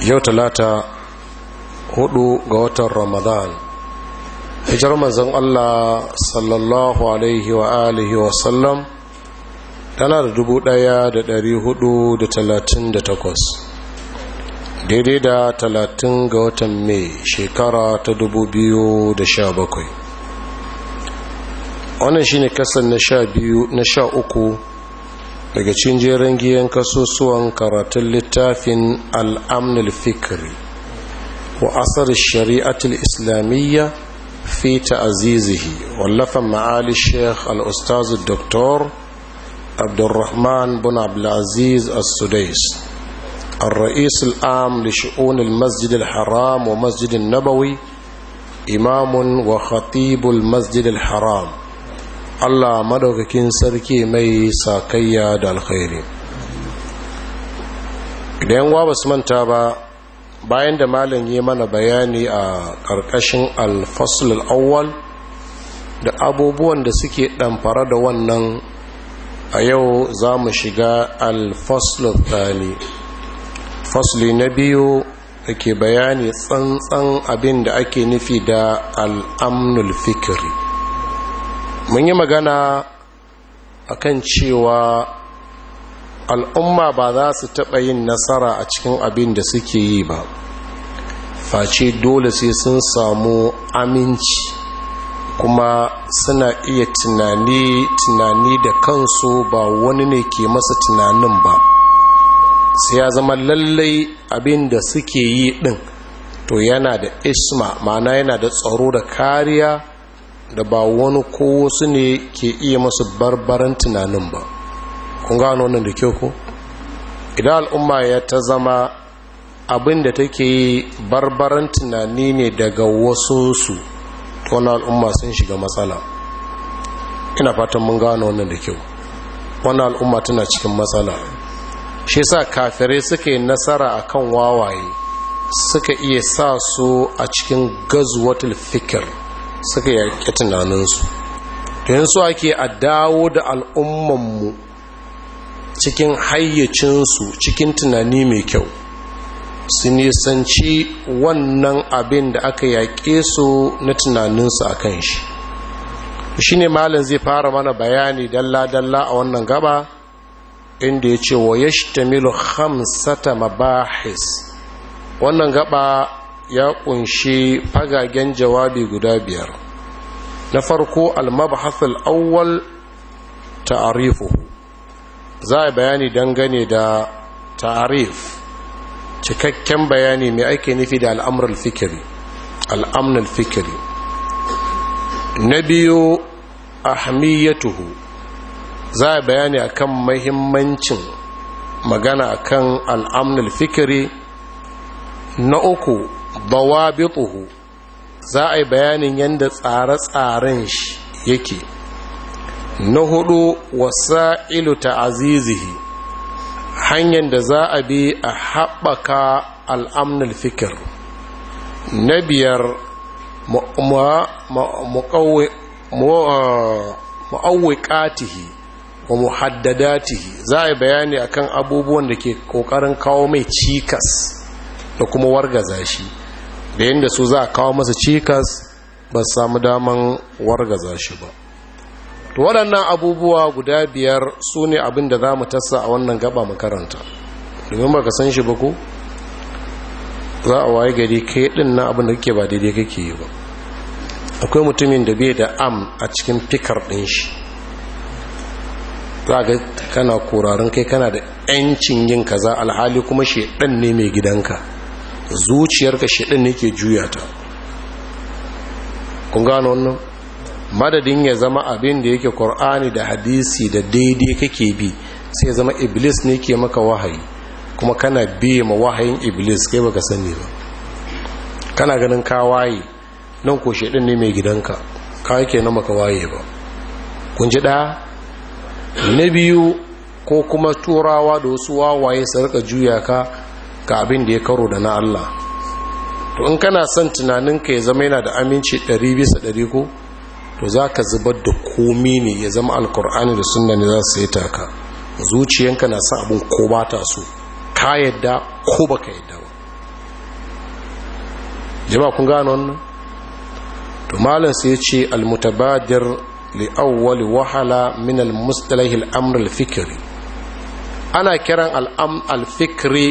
yau talata hudu ga watan ramadan hijar manzon allah sallallahu alaihi wa alihi wa sallam tana da dubu daya da dari hudu da talatin da takwas daidai da talatin ga watan mai shekara ta dubu biyu da sha bakwai wannan shine kasan na sha biyu na sha uku daga cikin jerin giyan kasusuwan karatun littafin al’amn fikri wa asar shari'atul islamiyya fi ta'azizihi wallafan ma'ali sheikh al al'ustazu doktor abdulrahman bin abdulaziz as-sudais الرئيس العام لشؤون المسجد الحرام ومسجد النبوي إمام وخطيب المسجد الحرام Allah madaukakin sarki mai sakayya da alkhairi idan wa basu manta ba bayan da malam yi mana bayani a ƙarƙashin al awwal da abubuwan da suke ɗamfara da wannan a yau za mu shiga alfasul tsani fasli na biyu da ke bayani tsantsan abin da ake nufi da al'amnul fikiri mun yi magana a kan cewa al'umma ba za su taɓa yin nasara a cikin abin da suke yi ba face dole sai sun samu aminci kuma suna iya tunani tunani da kansu ba wani ne ke masa tunanin ba sai ya zama lallai abin da suke yi ɗin to yana da isma ma'ana yana da tsaro da kariya da ba wani ko wasu ne ke iya masu barbaran tunanin ba kun gano wannan da kyau ko idan al'umma ya ta zama abin da take yi barbaran tunani ne daga wasu su wani al'umma sun shiga matsala ina fatan mun gano wannan da kyau wani al'umma tana cikin matsala shi sa kafirai suka yi nasara a kan wawaye suka iya sa su a cikin gazuwatul fikir suka yaƙi tunaninsu yanzu ake a dawo da al'ummanmu cikin hayyacinsu cikin tunani mai kyau su nisanci wannan abin da aka yaƙe su na tunaninsu a kan shi shi ne malin zai fara mana bayani dalla-dalla a wannan gaba inda ya ce wa ya shi milu hamsata mabahis wannan gaba ya kunshi fagagen jawabi guda biyar na farko almabhasul awwal ta'arifu za a bayani dangane da ta'arif cikakken bayani mai ake nufi da al'amrul fikiri al'amnul fikiri na biyu ahmiyatuhu za a bayani akan mahimmancin magana akan al'amnul fikiri na uku dawabituhu za a yi bayanin yadda tsare-tsaren shi yake na hudu wasa'ilu ta'azizihi hanyar da za a bi a haɓaka al'amnul fikir na biyar ma'auwikatihi wa muhaddadatihi za a yi bayani akan abubuwan da ke ƙoƙarin kawo mai cikas da kuma wargaza shi da yadda su za a kawo masa cikas ba samu daman wargaza shi ba to waɗannan abubuwa guda biyar su ne abin da za mu tassa a wannan gaba makaranta domin ba ka san shi ba ku. za a waye gari kai ɗin na abin da kake ba daidai kake yi ba akwai mutumin da bai da am a cikin fikar ɗin shi za ga kana kurarun kai kana da 'yancin yin kaza alhali kuma shi ɗan ne mai gidanka zuciyarka shaɗin ne ke juya ta kun gano wannan madadin ya zama abin da yake ƙor'ani da hadisi da daidai kake bi sai zama iblis ne ke maka wahayi kuma kana biye ma wahayin iblis kai baka sani ba kana ganin ka waye nan ko shaɗin ne mai gidanka ka yake na maka waye ba kun ji ɗaya na biyu ko kuma turawa da wasu wawaye su rika juya ka ga abin da ya karo da na Allah to in kana son tunaninka ya zama yana da aminci 100 bisa ko to za ka zubar da komi ne ya zama alkur'ani da sunna ne za su yi taka zuciyanka na son abin ko ba ta so ka yadda ko baka ka yadda ba jama'a kun gano wannan to malam sai ya ce almutabadir li awwal wahala min almustalah al-amr al-fikri ana kiran al fikiri al-fikri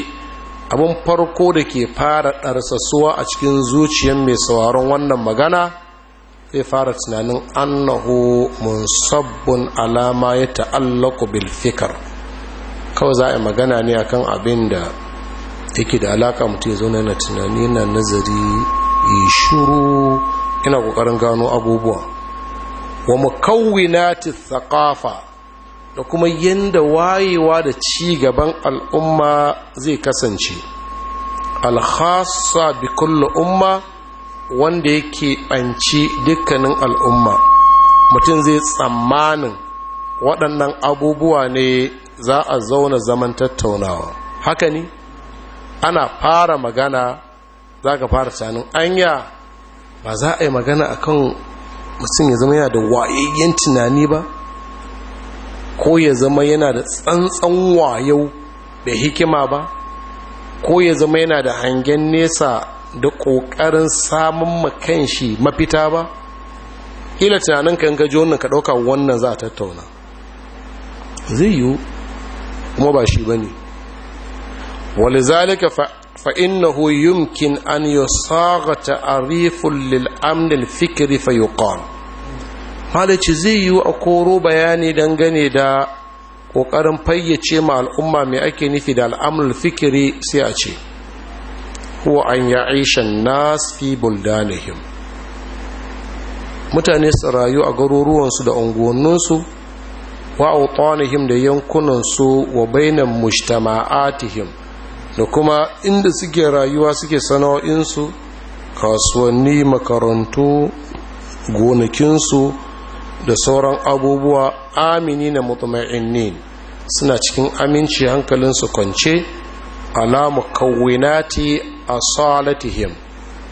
abin farko da ke fara ɗarsasuwa a cikin zuciyar mai sauraron wannan magana zai fara tunanin annahu sabbin alama ya ta'allaku bil fikar kawai za a yi magana ne akan abin da yake da alaka mutum ya zaune na tunani na nazari yi shuru ina ƙoƙarin gano abubuwa wa mu mukawwinati thaqafa da kuma yadda wayewa da ci gaban al'umma zai kasance alhassa bi kullu umma wanda yake ɓanci dukkanin al'umma mutum zai tsammanin waɗannan abubuwa ne za a zauna zaman tattaunawa haka ne ana fara magana za ka fara canin anya ba za a yi magana akan mutum ya zama yana da wayayyen tunani ba ko ya zama yana da tsantsan wayo da hikima ba ko ya zama yana da hangen nesa da ƙoƙarin samun makan shi mafita ba ila tunanin kan gajo wannan ka ɗauka wannan za a tattauna zai yiwu kuma ba shi ba ne walizalika an yi أن a rifin lil’amdin fikiri فيقال malici zai yi a koro bayani dangane da ƙoƙarin fayyace ma al'umma mai ake nufi da al'amul fikiri sai a ce ko an ya aishan nas fi buldanihim mutane su rayu a garuruwansu da unguwanninsu wa autanihim da yankunansu wa bainan mujtama'atihim da kuma inda suke rayuwa suke sana'o'insu kasuwanni makarantu gonakinsu da sauran abubuwa amini na mutumai suna cikin aminci hankalinsu kwance alamu kawinati a salatihim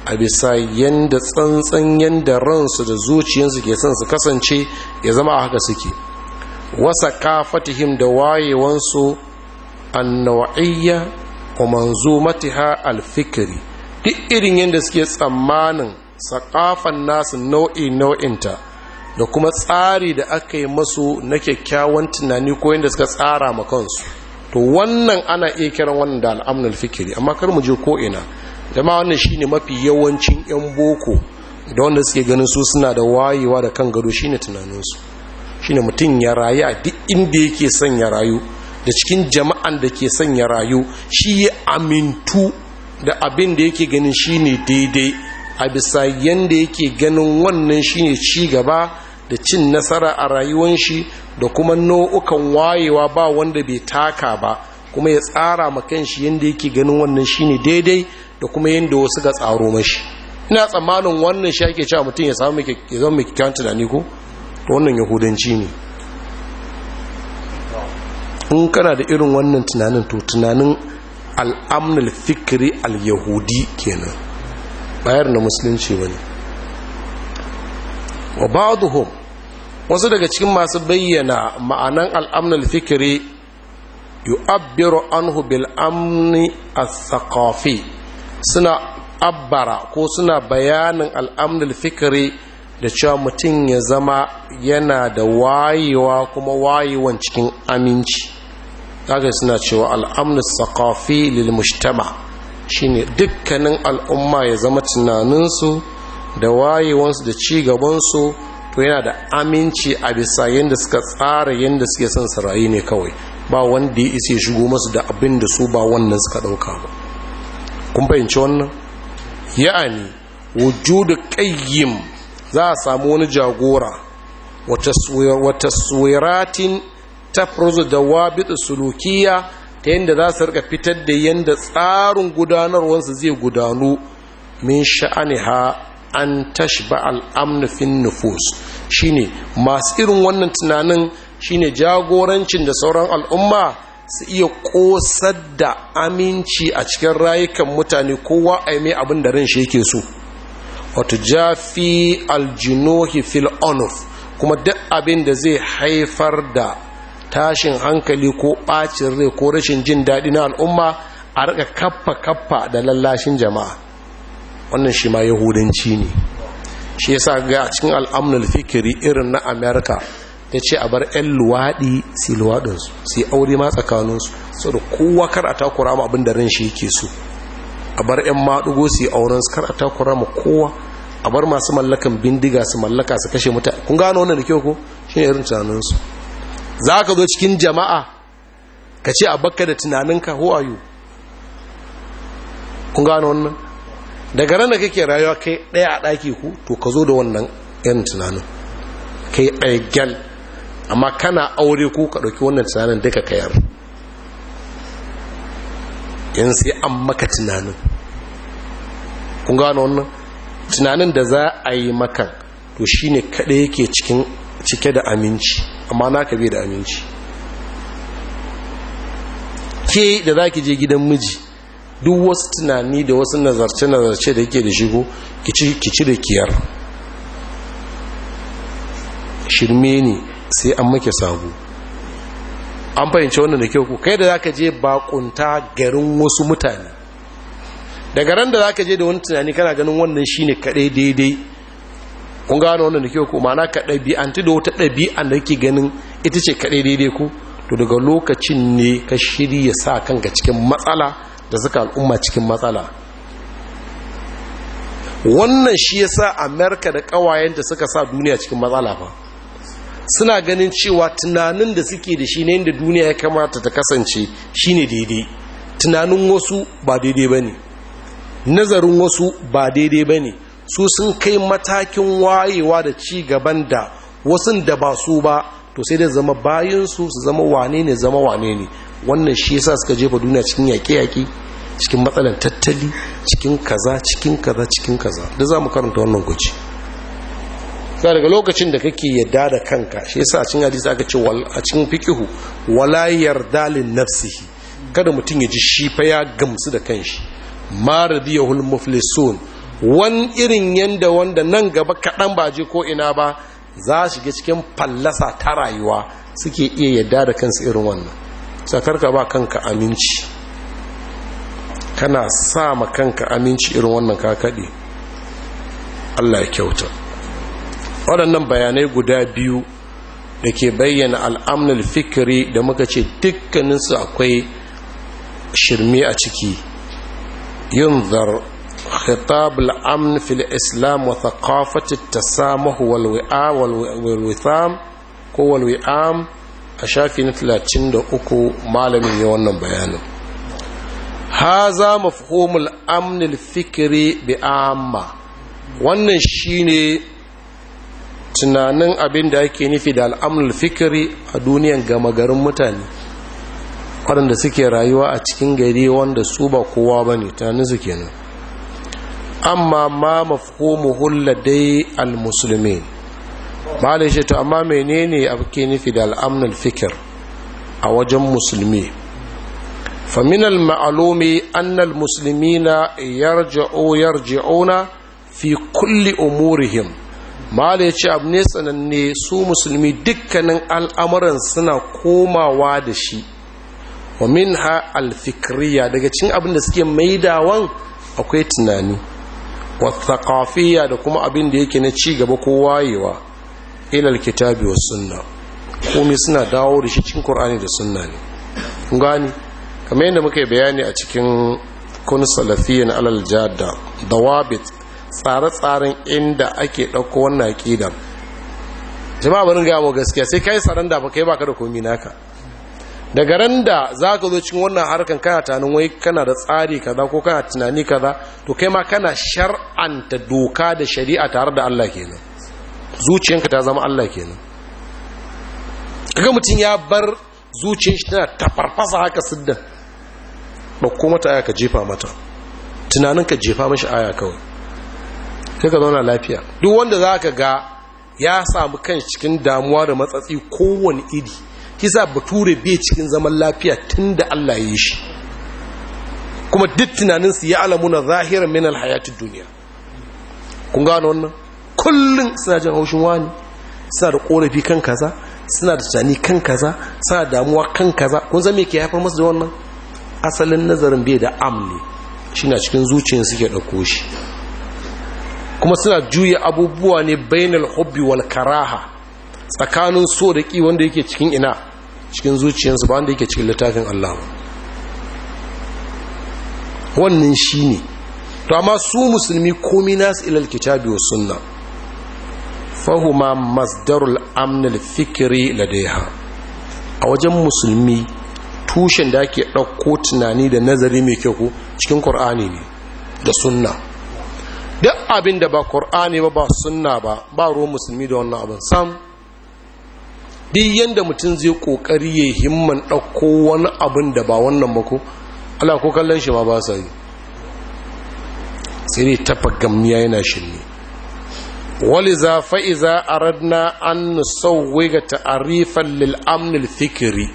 a bisa yadda tsantsan yadda ransu da zuciyarsu ke son su kasance ya zama haka suke wasa kafatihim da wayewansu annawa'iyya wa manzumatiha alfikiri duk irin yadda suke tsammanin sakafan nasu nau'i nau'inta da kuma tsari da aka yi masu na kyakkyawan tunani ko yadda suka tsara ma kansu to wannan ana iya kiran wannan da al'amunan fikiri amma kar mu je ko'ina, ina jama'a wannan ne mafi yawancin yan boko da wanda suke ganin su suna da wayewa da kan gado shi ne tunaninsu Shi ne mutum ya rayu a duk inda yake son ya rayu da cikin jama'an da ke son ya rayu shi ya amintu da abin da yake ganin shi ne daidai a bisa yadda yake ganin wannan shine ci gaba da cin nasara a rayuwan shi da kuma nau'ukan wayewa ba wanda bai taka ba kuma ya tsara ma kanshi yadda yake ganin wannan shine daidai da kuma yadda wasu ga tsaro mashi ina tsammanin wannan shi ake cewa mutum ya samu ya zama mai kyan tunani ko to wannan yahudanci ne in kana da irin wannan tunanin to tunanin al'amnul fikiri al-yahudi kenan bayar na musulunci wani wa ba'duhum wasu daga cikin masu bayyana ma'anan al'amnal fikiri yu'abbiru anhu bil amni al-thaqafi suna abbara ko suna bayanin al'amnal fikiri da cewa mutum ya zama yana da wayewa kuma wayewan cikin aminci daga suna cewa al'amnal thaqafi lil mujtama shine dukkanin al'umma ya zama tunaninsu da wayewansu da cigabansu. gabansu to yana da aminci a bisa yadda suka tsara yadda suke son sarayi ne kawai ba wanda ya isa shigo masu da abin da su ba wannan suka ɗauka ba kun fahimci wannan ya'ani wujudu qayyim za a samu wani jagora wata suwiratin ta furzu da wabitu sulukiya ta yadda za su rika fitar da yadda tsarin gudanarwarsu zai gudanu min sha'ani ha an tashba al'amnu fin nufus shine masu irin wannan tunanin shine jagorancin da sauran al'umma su iya kosar da aminci a cikin rayukan mutane kowa a mai abin da ran shi yake so wato jafi aljinohi fil onuf kuma duk abin da zai haifar da tashin hankali ko ɓacin rai ko rashin jin daɗi na al'umma a rika kaffa kaffa da lallashin jama'a wannan shi ma yahudanci ne shi ya sa ga cikin al'amnul fikiri irin na amerika ta ce a bar 'yan luwaɗi su luwaɗinsu su yi aure ma tsakaninsu so da kowa kar a takura ma abin da ran shi yake su. a bar 'yan maɗugo su yi aurensu kar a takura ma kowa a bar masu mallakan bindiga su mallaka su kashe mutane kun gano wannan da kyau ko shi ne irin tunaninsu za ka zo cikin jama'a ka ce a bakka da tunaninka who are you kun gano wannan daga ranar kake rayuwa kai ɗaya a ɗaki ku to ka zo da wannan yan tunanin kai ɗaya gyal amma kana aure ku ka ɗauki wannan tunanin duka kayar yan sai an maka tunanin kun gano wannan tunanin da za a yi makan to shine kaɗai yake cikin cike da aminci amma naka bai da aminci ke da za ki je gidan miji duk wasu tunani da wasu nazarce-nazarce da yake da shigo ki da kiyar shirme ne sai an make sabu an fahimci wannan da kyau kai da zaka je bakunta garin wasu mutane daga ran da zaka je da wani tunani kana ganin wannan shine kadai daidai kun gano wannan da kyau ko ma'ana ka ɗabi'anti da wata ɗabi'an da kake ganin ita ce kadai daidai ko to daga lokacin ne ka shirya sa kanka cikin matsala da suka al'umma cikin matsala wannan shi ya sa amerika da da suka sa duniya cikin matsala fa suna ganin cewa tunanin da suke da shi ne inda duniya ya kamata ta kasance shine daidai tunanin wasu ba daidai ba ne nazarin wasu ba daidai ba ne su sun kai matakin wayewa da ci gaban da wasu da ba su ba to sai da zama bayansu su zama wane ne zama wane ne wannan shi ya sa suka jefa duniya cikin yaƙe-yaƙe cikin matsalan tattali cikin kaza cikin kaza cikin kaza da za mu karanta wannan guji ga daga lokacin da kake yadda da kanka shi yasa a cikin hadisi aka ce a cikin fikihu wala yarda lin nafsihi kada mutum ya ji shi fa ya gamsu da kanshi ma radiyahul muflisun wan irin yanda wanda nan gaba kaɗan ba je ko ina ba za su shiga cikin fallasa ta rayuwa suke iya yadda da kansu irin wannan sakarka ba kanka aminci kana sa ma kanka aminci irin wannan kakaɗi allah ya kyauta waɗannan bayanai guda biyu da ke bayyana al'amnul fikiri da muka ce dukkaninsu akwai shirme a ciki yin zar خطاب fil islam الإسلام وثقافة التسامح والوعاء والوثام ko walwi'am a shafi na 33 malamin ya wannan bayanin haza mafhumul amnil fikiri bi amma wannan shine tunanin abin da ake nufi da al'amnul fikiri a duniyan gama garin mutane waɗanda suke rayuwa a cikin gari wanda su ba kowa ba ne tunanin su kenan amma ma hulla dai al ba da shi to amma menene ake nufi da al'amnul fikir a wajen musulmi فمن المعلوم أن المسلمين يرجعوا يرجعون في كل أمورهم ما ليش أبني سنني سو مسلمي دكنا الأمر سنة كوما وادشي ومنها الفكرية daga cikin abin da suke maidawan akwai tunani wa thaqafiyya da kuma abin da yake na ci gaba ko wayewa ila alkitabi was sunna suna dawo da shi cikin qur'ani da sunna kamar yadda muka yi bayani a cikin kun salafiyan alal jada dawabit tsare-tsaren inda ake ɗauko wannan aƙidan jama'a barin gabo gaskiya sai kai tsaron da baka yi baka da komi naka daga ran da za ka zo cikin wannan harkan kana tanin wai kana da tsari kaza ko kana tunani kaza to kai ma kana shar'anta doka da shari'a tare da Allah kenan zuciyanka ta zama Allah kenan kaga mutum ya bar zuciyar shi tana tafarfasa haka siddan ɗauko mata aya ka jefa mata tunanin ka jefa mashi aya kawai sai ka zauna lafiya duk wanda za ka ga ya samu kan cikin damuwa da matsatsi kowane iri kisa bature bai cikin zaman lafiya tun da allah ya yi shi kuma duk tunaninsu ya na zahirar minal hayatun duniya kun gano wannan kullum suna jin haushin wani suna da korafi kan kaza suna da tunani kan kaza suna damuwa kan kaza kun zama ke haifar masu da wannan asalin nazarin bai da am ne shi na cikin zuciyar suke ɗauko shi kuma suna juya abubuwa ne bainal hobby wal karaha tsakanin so da ƙi wanda yake cikin ina cikin zuciyarsu ba wanda yake cikin littafin Allah wannan shi ne to amma su musulmi komi nasu ilal kitabi wa sunna fahuma masdarul amnil fikiri ladaiha a wajen musulmi tushen da ake ɗauko tunani da nazari mai kyau cikin ƙur'ani ne da sunna duk abin da ba ƙur'ani ba ba sunna ba ba ruwan musulmi da wannan abin sam duk yadda mutum zai ƙoƙari ya himman ɗauko wani abin da ba wannan ba ko, ala ko kallon shi ma ba sa yi sai dai tafa gamniya yana shirme ولذا an أردنا أن ga ta'arifan lil'amnil fikiri.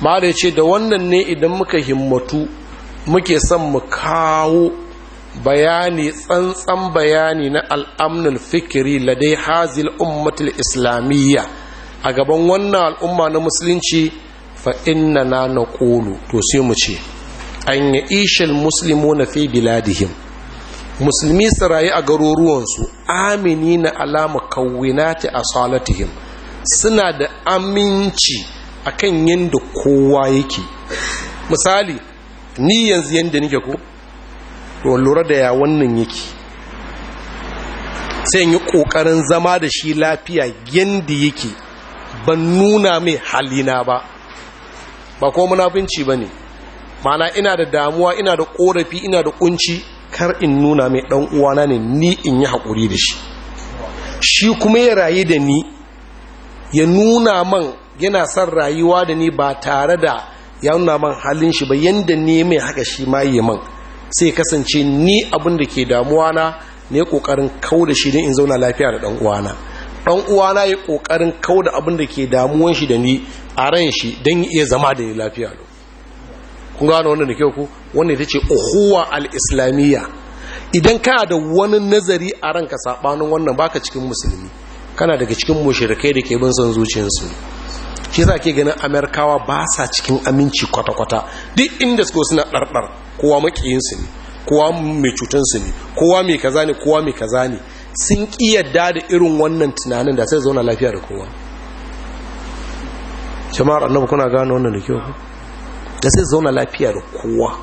mara ya ce da wannan ne idan muka himmatu muke son mu kawo bayani tsantsan bayani na al'amnul fikiri ladai hazil ummatul islamiyya a gaban wannan al'umma na musulunci fa inna na na ƙulu to sai mu ce an yi ishil musulmi na fi biladihim musulmi su rayu a garuruwansu amini na alama kawinati a salatihim suna da aminci akan yadda kowa yake misali ni yanzu yadda nike ko to lura da ya wannan yake sai yi ƙoƙarin zama da shi lafiya yadda yake ban nuna mai halina ba ba kuma munafinci ba ne mana ina da damuwa ina da ƙorafi, ina da ƙunci, kar in nuna mai dan uwana ne ni in yi haƙuri da shi shi kuma ya rayu da ni ya nuna man yana son rayuwa da ni ba tare da ya nuna man halin shi ba yadda ni mai haka shi ma yi man sai kasance ni abin da ke damuwa na ne kokarin kau da shi ne in zauna lafiya da dan uwana dan uwana ya kokarin kau da abin da ke damuwan shi da ni a ran shi don iya zama da ni lafiya lo kun gano wannan da kyau ku wannan ita ce uhuwa al-islamiyya idan kana da wani nazari a ranka sabanin wannan baka cikin musulmi kana daga cikin mushrikai da ke bin son zuciyarsu shi za ke ganin amerikawa ba sa cikin aminci kwata-kwata duk inda suka suna ɗarɗar kowa makiyinsu ne kowa mai cutansu ne kowa mai kaza ne kowa mai kaza ne sun ƙi yadda da irin wannan tunanin da sai zauna lafiya da kowa jama'ar annabu kuna gano wannan da kyau da sai zauna lafiya da kowa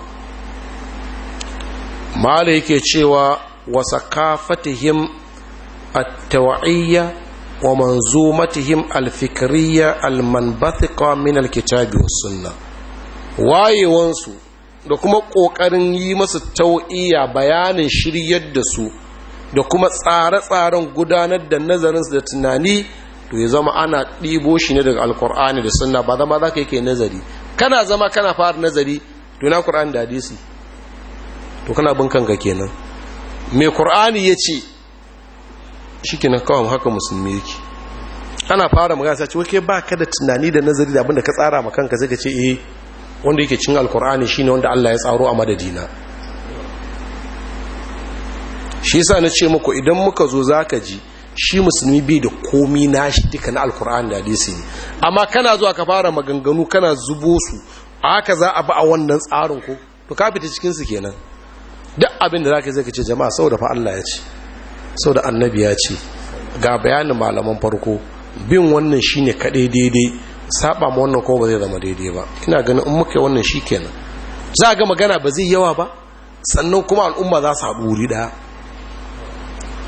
mala yake cewa wasa kafatihim at-tawa'iyya wa manzumatihim alfikiriya almanbathika min alkitabi was sunna wayewansu da kuma ƙoƙarin yi masu tau'iya bayanin shiryar da su da kuma tsare-tsaren gudanar da nazarinsu da tunani to ya zama ana ɗibo shi ne daga alkur'ani da sunna ba zama za ka yake nazari kana zama kana fara nazari to na kur'ani da hadisi to kana bin kanka kenan mai ƙur'ani ya ce shi na kawai haka musulmi yake ana fara magana sai ce wake ba ka da tunani da nazari da abinda ka tsara ma kanka sai ka ce eh wanda yake cin alkur'ani shine wanda Allah ya tsaro a madadina shi yasa na ce muku idan muka zo zaka ji shi musulmi bai da komi nashi duka na alkur'ani da hadisi ne amma kana zuwa ka fara maganganu kana zubo su a haka za a ba a wannan tsarin ko to ka fita cikin su kenan duk abin da zaka zaka ce jama'a saboda fa Allah ya ce sau da annabi ya ce ga bayanin malaman farko bin wannan shine kaɗai daidai saba ma wannan kowa ba zai zama daidai ba ina ganin in muka wannan shi kenan za a ga magana ba zai yawa ba sannan kuma al'umma za su haɗu wuri ɗaya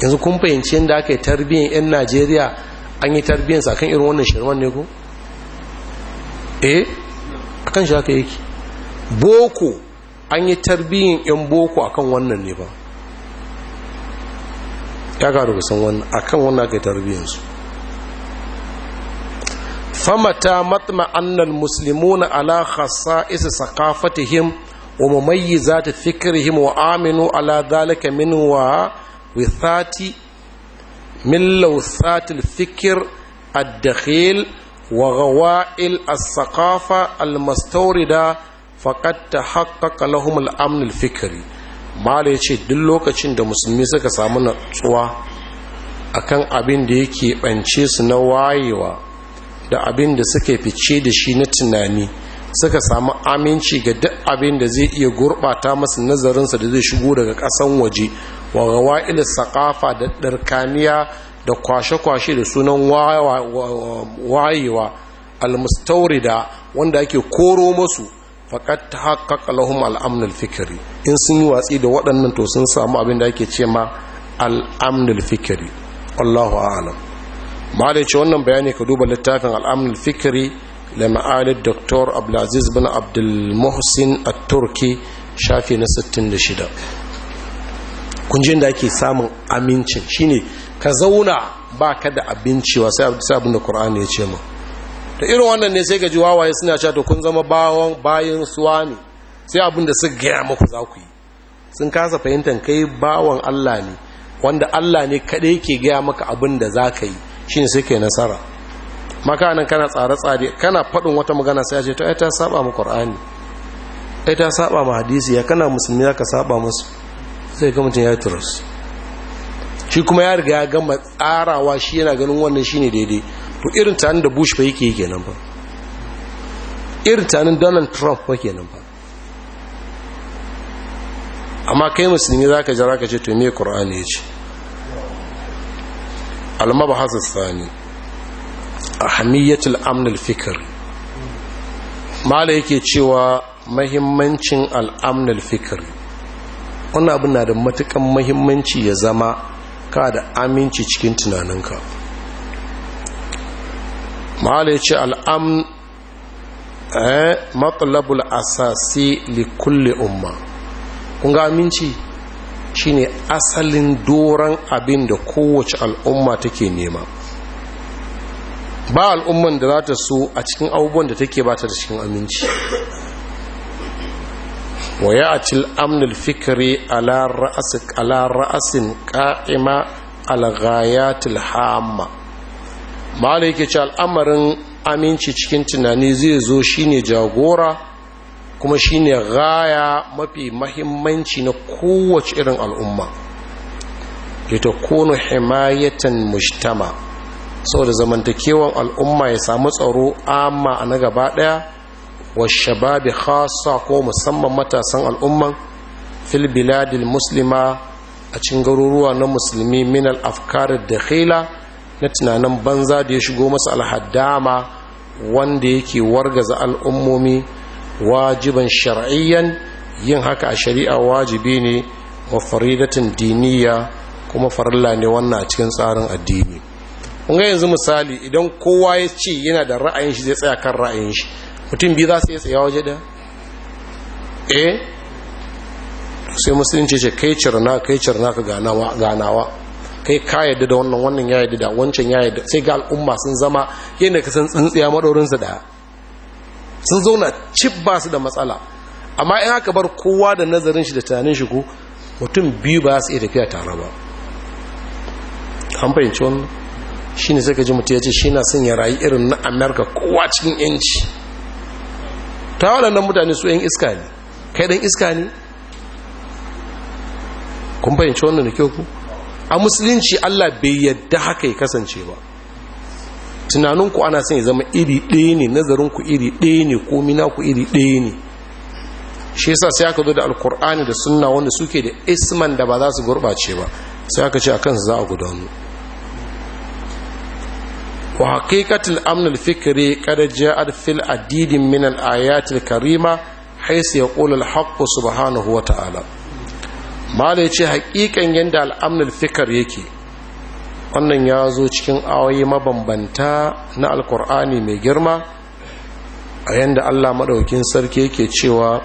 yanzu kun fahimci yadda aka yi tarbiyyar 'yan najeriya an yi tarbiyyar sa kan irin wannan shirman ne ko eh kan shi aka yake boko an yi tarbiyyar 'yan boko akan wannan ne ba ya karu kusan wannan akan wannan aka yi tarbiyyarsu famata matma annal muslimuna ala khassa isa sakafatihim wa mumayyizati fikrihim wa aminu ala dhalika min wa withati min lawthati al-fikr ad-dakhil wa ghawail as-saqafa al-mustawrida faqad tahaqqaqa lahum al-amn al-fikri malai ya ce duk lokacin da musulmi suka samu natsuwa akan abin da yake ɓance su na wayewa da abin da suka fice da shi na tunani suka samu aminci ga duk abin da zai iya gurɓata masu nazarinsa da zai shigo daga ƙasan waje wa gawa saƙafa da ɗarkaniya da kwashe-kwashe da sunan wayewa almustaurida wanda ake koro masu faƙat ta haƙa ƙalahun al'amnul fikiri in sun yi watsi da waɗannan to sun samu abin da ake ce ma al'amnul fikiri allahu alam ma da ce wannan bayani ka duba littafin al'amnul fikiri da ma'alid dr abdulaziz bin abdulmuhsin a turki shafi na 66 kunjin da ake samun amincin shine ka zauna ba ka da abinci wasu abin da ƙur'ani ya ce mu ta irin wannan ne sai ga ji wawaye suna cewa to kun zama bawon bayan suwa ne sai abin da suka gaya muku za ku yi sun kasa fahimtar kai bawon Allah ne wanda Allah ne kaɗai ke gaya maka abin da za ka yi shi sai ka yi nasara makanan kana tsare-tsare kana faɗin wata magana sai a ce ta ta saba ma Al-Qur'ani? ai ta saba ma hadisi ya kana musulmi ka saba musu sai ga mutum ya turus shi kuma ya riga ya gama tsarawa shi yana ganin wannan shine daidai to irin tanin da bush ba yake yi kenan ba irin tanin donald trump ba kenan ba amma kai musulmi za ka jira ka ce to me ƙura'ani ya ce ba hasan sani a hamiyyatul amnul fikir mala yake cewa mahimmancin al'amnul fikir wani abin na da matukan mahimmanci ya zama ka da aminci cikin tunaninka ma'ala ya ce al'am eh, matsalabul asasi li kulle umma kun ga aminci shine asalin doron abin da kowace al'umma take nema ba al'umman da za ta so a cikin abubuwan da take ba ta da cikin aminci wa ya ci amnul fikiri ala ra'asin ka'ima al-ghayatul hamma ma'ana yake ce al'amarin aminci cikin tunani zai zo shine jagora kuma shine gaya mafi mahimmanci na kowace irin al'umma ta kono himayatan mujtama saboda zamantakewan al'umma ya samu tsaro amma a na gaba daya wa shababi khasa ko musamman matasan al'umman fil biladil muslima a cin garuruwa na musulmi min al afkar dakhila na tunanin banza da ya shigo masa alhaddama wanda yake wargaza al'ummomi wajiban shar'iyyan yin haka a shari'a wajibi ne wa faridatin diniya kuma farilla ne wannan a cikin tsarin addini kunga yanzu misali idan kowa ya ce yana da ra'ayin shi zai tsaya kan ra'ayin shi mutum biyu za su iya tsaya waje da eh sai musulunci ce kai cirna kai cirna ka ganawa kai ka yadda da wannan wannan ya yadda da wancan ya yadda sai ga al'umma sun zama yadda ka san tsintsiya maɗorinsa da sun zauna cip ba su da matsala amma in aka bar kowa da nazarin shi da tunanin shi ko mutum biyu ba su iya tafiya tare ba an fahimci wannan shi ne ka ji mutu ya ce shi na son ya rayu irin na amerika kowa cikin yanci ta waɗannan mutane su yan iska ne kai ɗan iska ne kun fahimci wannan da kyau ku a musulunci Allah bai yadda haka ya kasance ba tunaninku ana son ya zama iri ɗaya ne nazarinku iri ɗaya ne ko ku iri ɗaya ne shi yasa sai aka zo da alkur'ani da sunna wanda suke da isman da ba za su gurɓace ba sai aka ce a kansu za a gudanu wa haƙiƙatul amnul fikiri fikri kada ja'at fil adidin min al karima haisu yaqulu al haqq subhanahu wa ta'ala mala ya ce haƙiƙan yadda al'amnul fikar yake wannan ya zo cikin awayi mabambanta na alkur'ani mai girma a yadda allah maɗaukin sarki yake cewa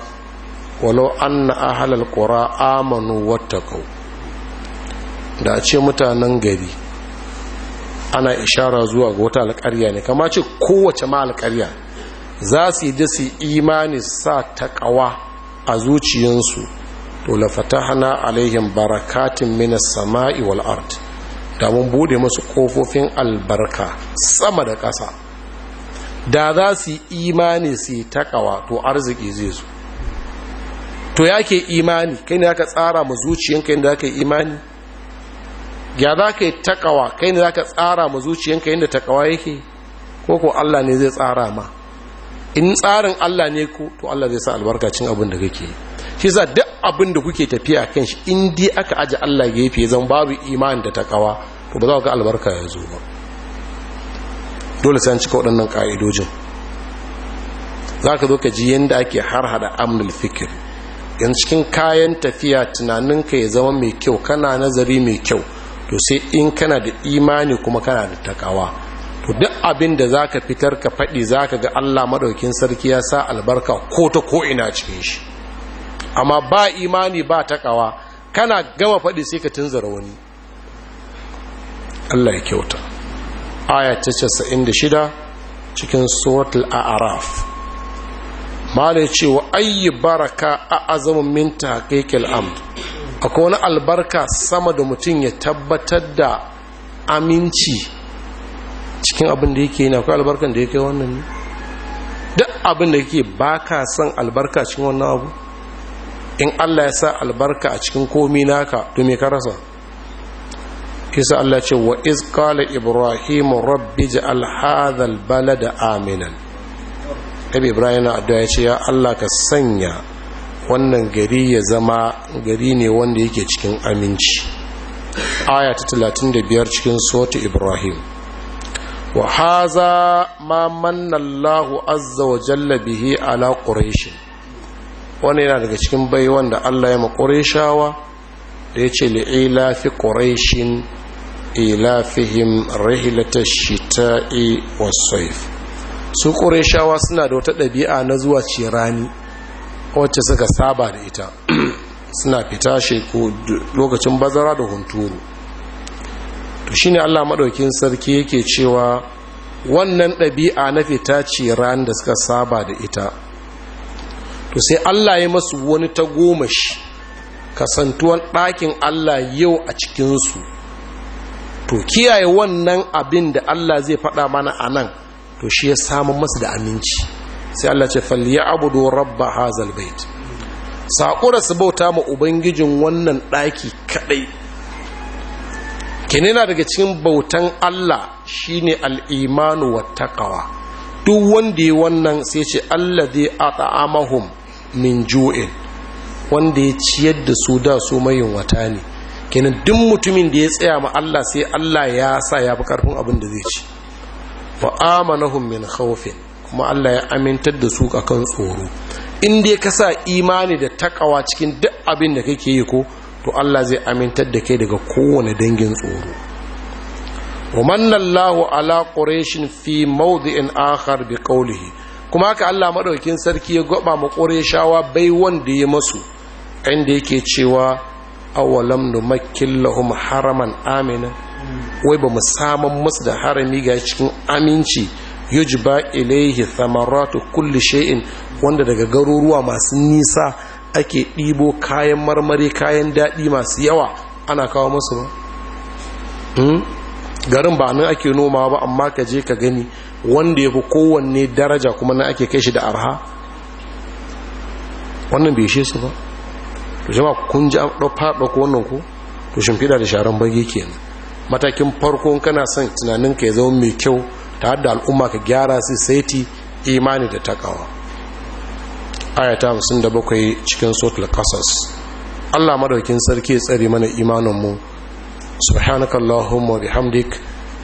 walau an na ahalar ƙura amanu kau da ce mutanen gari ana ishara zuwa ga wata alƙarya ne kama ce kowace ma alƙarya za su yi da su imani sa ta ƙawa a zuciyarsu. to la fatahna alaihim barakatin minas sama'i wal ard da mun bude musu kofofin albarka sama da ƙasa da za su yi imani su yi takawa to arziki zai zo to ya ke imani kai ne zaka tsara ma zuciyanka inda zaka yi imani ya za ka yi takawa kai ne zaka tsara ma zuciyanka inda takawa yake ko ko Allah ne zai tsara ma in tsarin Allah ne ko to Allah zai sa albarkacin abin da kake yi Kiza za duk abin da kuke tafiya kan shi in aka aje Allah gefe zan babu imanin da takawa to ba za ku ga albarka ya zo ba dole sai an cika waɗannan ƙa'idojin za ka zo ka ji yadda ake har hada amnul fikir yanzu cikin kayan tafiya tunanin ka ya zama mai kyau kana nazari mai kyau to sai in kana da imani kuma kana da takawa to duk abin da za ka fitar ka faɗi za ka ga allah maɗaukin sarki ya sa albarka ko ta ko'ina cikin shi amma ba imani ba kawa, kana gama faɗi sai ka tunzara wani Allah ya kyauta aya ta 96 cikin suratul a'raf mala ya ce wa ayyi baraka a azumin minta tahqiqil amd akwai wani albarka sama da mutum ya tabbatar da aminci cikin abin da yake yana akwai albarkan da yake wannan ne duk abin da yake ka son albarka cikin wannan abu in Allah ya sa albarka a cikin komi naka to me ka rasa kisa Allah ce wa iz qala ibrahim rabbi ja'al hadha albalada aminan Nabi Ibrahim na addu'a ya ce ya Allah ka sanya wannan gari ya zama gari ne wanda yake cikin aminci aya ta 35 cikin sota Ibrahim wa haza ma manna Allahu azza wa jalla bihi ala quraish wani yana daga cikin baiwan da Allah ya kuraishawa da ya ce kuraishin fi rahilata ilafihim rahilatar shita'i wasaif su ƙureshawa suna da wata ɗabi'a na zuwa ce rani wacce suka saba da ita suna fita sheku lokacin bazara da hunturu to shine Allah maɗaukin sarki yake cewa wannan ɗabi'a na fita ce rani da suka saba da ita to sai Allah ya masu wani ta tagomashi kasantuwan ɗakin Allah yau a cikinsu to kiyaye wannan abin da Allah zai faɗa mana a nan to shi ya samu masu da aminci sai Allah ce falliya abudu rabba hazal bait saƙura su bauta ma ubangijin wannan ɗaki kaɗai kenina daga cikin bautan Allah shine al'imanu wa takawa duk wanda ya wannan sai ce Allah zai ata'amahum min ju'in wanda ya ciyar da su da su mayin wata ne kenan duk mutumin da ya tsaya ma Allah sai Allah ya sa ya fi karfin abin da zai ci fa amanahum min khawfin kuma Allah ya amintar da su akan tsoro in dai ka sa imani da takawa cikin duk abin da kake yi ko to Allah zai amintar da kai daga kowane dangin tsoro wa manna Allahu ala quraishin fi mawdi'in akhar bi qawlihi kuma haka Allah maɗaukin sarki ya mu ma shawa bai wanda ya masu inda yake cewa awalam numakkin lahum haraman amina wai ba mu saman musu da harami ga cikin aminci yujba ilaihi Samaratu, kulli shay'in wanda daga garuruwa masu nisa ake ɗibo kayan marmari kayan daɗi masu yawa ana kawo masu ba hmm? garin ba nan ake noma ba amma ka je ka gani wanda ya fi kowanne daraja kuma na ake kai shi da arha wannan bai shi su ba to ma kun ji faɗa ko wannan ko to shimfiɗa da sharan bage kenan matakin farko kana son tunanin ka ya zama mai kyau ta hada al'umma ka gyara su saiti imani da takawa ayata 57 cikin sotul kasas Allah madaukin sarki ya tsare mana imanin mu subhanakallahumma bihamdik